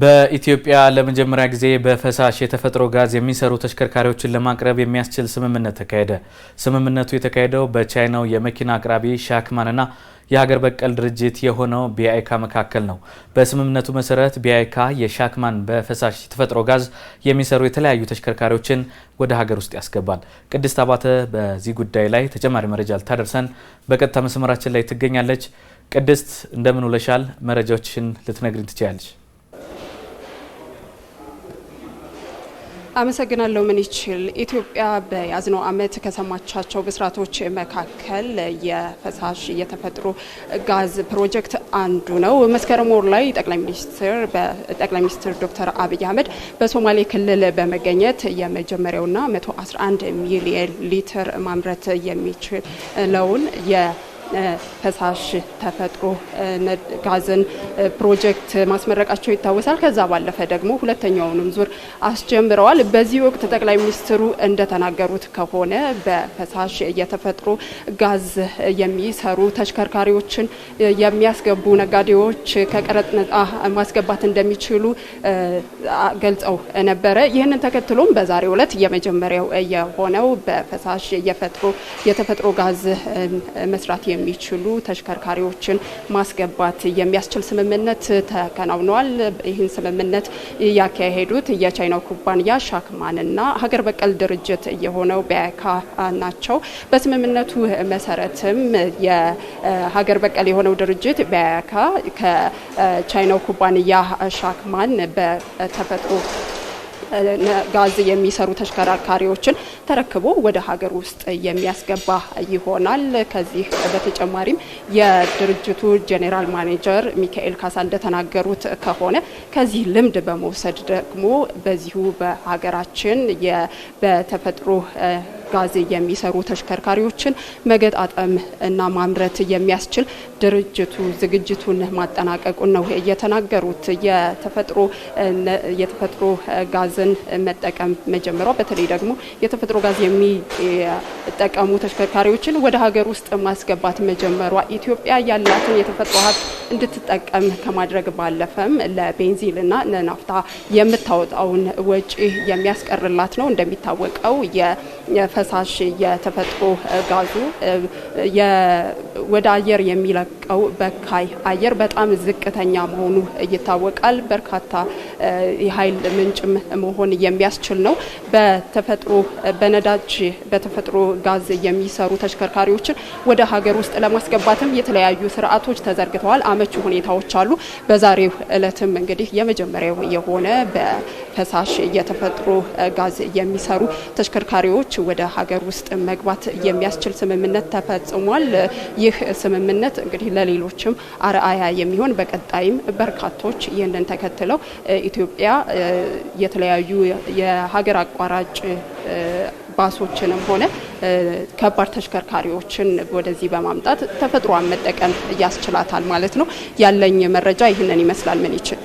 በኢትዮጵያ ለመጀመሪያ ጊዜ በፈሳሽ የተፈጥሮ ጋዝ የሚሰሩ ተሽከርካሪዎችን ለማቅረብ የሚያስችል ስምምነት ተካሄደ። ስምምነቱ የተካሄደው በቻይናው የመኪና አቅራቢ ሻክማንና የሀገር በቀል ድርጅት የሆነው ቢአይካ መካከል ነው። በስምምነቱ መሰረት ቢአይካ የሻክማን በፈሳሽ የተፈጥሮ ጋዝ የሚሰሩ የተለያዩ ተሽከርካሪዎችን ወደ ሀገር ውስጥ ያስገባል። ቅድስት አባተ በዚህ ጉዳይ ላይ ተጨማሪ መረጃ ልታደርሰን በቀጥታ መስመራችን ላይ ትገኛለች። ቅድስት እንደምን ውለሻል? መረጃዎችን ልትነግሪን ትችያለች? አመሰግናለሁ። ምን ይችል ኢትዮጵያ በያዝነው ዓመት ከሰማቻቸው ብስራቶች መካከል የፈሳሽ የተፈጥሮ ጋዝ ፕሮጀክት አንዱ ነው። መስከረም ወር ላይ ጠቅላይ ሚኒስትር ዶክተር አብይ አህመድ በሶማሌ ክልል በመገኘት የመጀመሪያውና 111 ሚሊየን ሊትር ማምረት የሚችለውን ፈሳሽ ተፈጥሮ ጋዝን ፕሮጀክት ማስመረቃቸው ይታወሳል። ከዛ ባለፈ ደግሞ ሁለተኛውንም ዙር አስጀምረዋል። በዚህ ወቅት ጠቅላይ ሚኒስትሩ እንደተናገሩት ከሆነ በፈሳሽ የተፈጥሮ ጋዝ የሚሰሩ ተሽከርካሪዎችን የሚያስገቡ ነጋዴዎች ከቀረጥ ነጻ ማስገባት እንደሚችሉ ገልጸው ነበረ። ይህንን ተከትሎም በዛሬው ዕለት የመጀመሪያው የሆነው በፈሳሽ የተፈጥሮ ጋዝ መስራት የሚችሉ ተሽከርካሪዎችን ማስገባት የሚያስችል ስምምነት ተከናውኗል። ይህን ስምምነት ያካሄዱት የቻይናው ኩባንያ ሻክማንና ሀገር በቀል ድርጅት የሆነው ቢያካ ናቸው። በስምምነቱ መሰረትም የሀገር በቀል የሆነው ድርጅት ቢያካ ከቻይናው ኩባንያ ሻክማን በተፈጥሮ ጋዝ የሚሰሩ ተሽከርካሪዎችን ተረክቦ ወደ ሀገር ውስጥ የሚያስገባ ይሆናል። ከዚህ በተጨማሪም የድርጅቱ ጄኔራል ማኔጀር ሚካኤል ካሳ እንደተናገሩት ከሆነ ከዚህ ልምድ በመውሰድ ደግሞ በዚሁ በሀገራችን በተፈጥሮ ጋዜ የሚሰሩ ተሽከርካሪዎችን መገጣጠም እና ማምረት የሚያስችል ድርጅቱ ዝግጅቱን ማጠናቀቁን ነው የተናገሩት። የተፈጥሮ ጋዝን መጠቀም መጀመሯ በተለይ ደግሞ የተፈጥሮ ጋዝ የሚጠቀሙ ተሽከርካሪዎችን ወደ ሀገር ውስጥ ማስገባት መጀመሯ ኢትዮጵያ ያላትን የተፈጥሮ ሀብት እንድትጠቀም ከማድረግ ባለፈም ለቤንዚንና ለናፍታ የምታወጣውን ወጪ የሚያስቀርላት ነው። እንደሚታወቀው ፈሳሽ የተፈጥሮ ጋዙ ወደ አየር የሚለቀው በካይ አየር በጣም ዝቅተኛ መሆኑ ይታወቃል። በርካታ የኃይል ምንጭም መሆን የሚያስችል ነው። በተፈጥሮ በነዳጅ በተፈጥሮ ጋዝ የሚሰሩ ተሽከርካሪዎችን ወደ ሀገር ውስጥ ለማስገባትም የተለያዩ ስርዓቶች ተዘርግተዋል። አመቺ ሁኔታዎች አሉ። በዛሬው እለትም እንግዲህ የመጀመሪያው የሆነ በፈሳሽ የተፈጥሮ ጋዝ የሚሰሩ ተሽከርካሪዎች ወደ ሀገር ውስጥ መግባት የሚያስችል ስምምነት ተፈጽሟል። ይህ ስምምነት እንግዲህ ለሌሎችም አርአያ የሚሆን በቀጣይም በርካቶች ይህንን ተከትለው ኢትዮጵያ የተለያዩ የሀገር አቋራጭ ባሶችንም ሆነ ከባድ ተሽከርካሪዎችን ወደዚህ በማምጣት ተፈጥሯን መጠቀም እያስችላታል ማለት ነው። ያለኝ መረጃ ይህንን ይመስላል። ምን ይችል